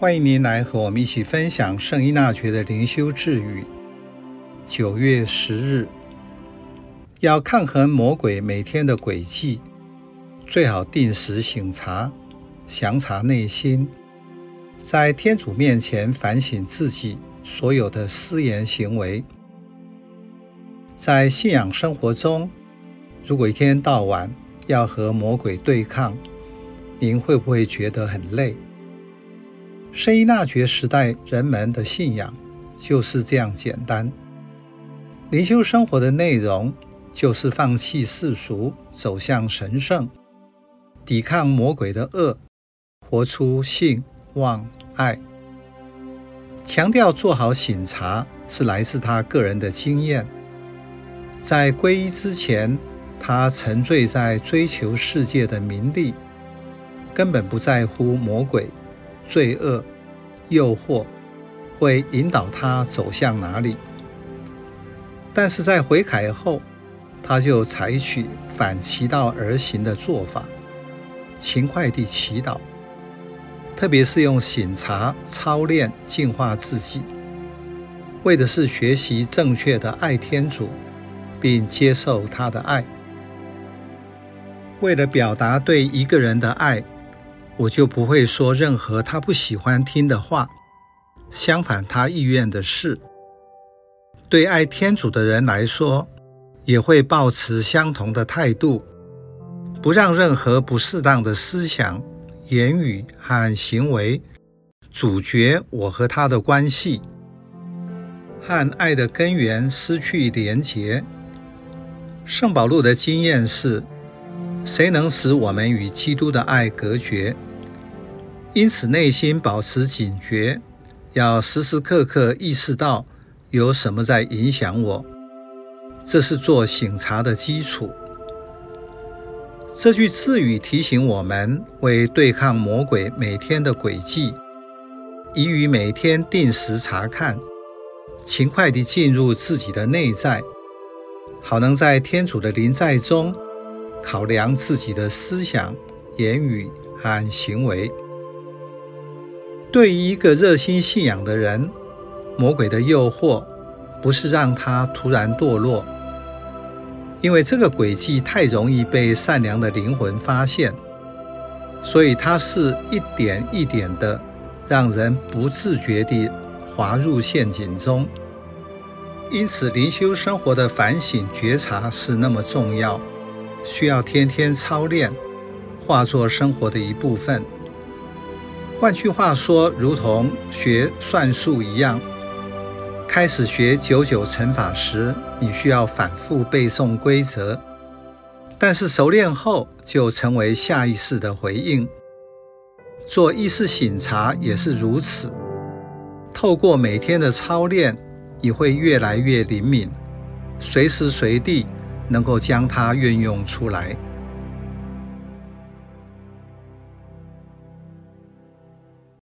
歡迎您來和我們一起分享聖依納爵的靈修智語。九月十日，要抗衡魔鬼每天的詭計，最好定時省察、詳查內心，在天主面前反省自己所有的思言行為。在信仰生活中，如果一天到晚要和魔鬼對抗，您會不會覺得很累？聖依納爵時代人們的信仰就是這樣簡單。靈修生活的內容就是放棄世俗，走向神聖，抵抗魔鬼的惡，活出信望愛。強調做好省察，是來自他個人的經驗。在皈依之前，他沉醉在追求世界的名利，根本不在乎魔鬼、罪惡。誘惑會引導他走向哪裡？但是在悔改後，他就採取反其道而行的做法，勤快地祈禱，特別是用省察、操練、淨化自己，為的是學習正確的愛天主，並接受他的愛。為了表達對一個人的愛。我就不會說任何他不喜歡聽的話，相反，他意願的事，對愛天主的人來說，也會抱持相同的態度，不讓任何不適當的思想、言語和行為阻絕我和他的關係，和愛的根源失去連結。聖保祿的經驗是。誰能使我們與基督的愛隔絕？因此，內心保持警覺，要時時刻刻意識到有什麼在影響我。這是做省察的基礎。這句智語提醒我們，為對抗魔鬼每天的詭計，宜於每天定時查看，勤快地進入自己的內在，好能在天主的臨在中。考量自己的思想、言語和行為。對於一個熱心信仰的人，魔鬼的誘惑不是讓他突然墮落，因為這個詭計太容易被善良的靈魂發現，所以它是一點一點的讓人不自覺地滑入陷阱中。因此，靈修生活的反省覺察是那麼重要。需要天天操練，化作生活的一部分。換句話說，如同學算術一樣，開始學九九乘法時，你需要反覆背誦規則；但是熟練後，就成為下意識的回應。做意識省察也是如此。透過每天的操練，你會越來越靈敏，隨時隨地，能夠將它運用出來。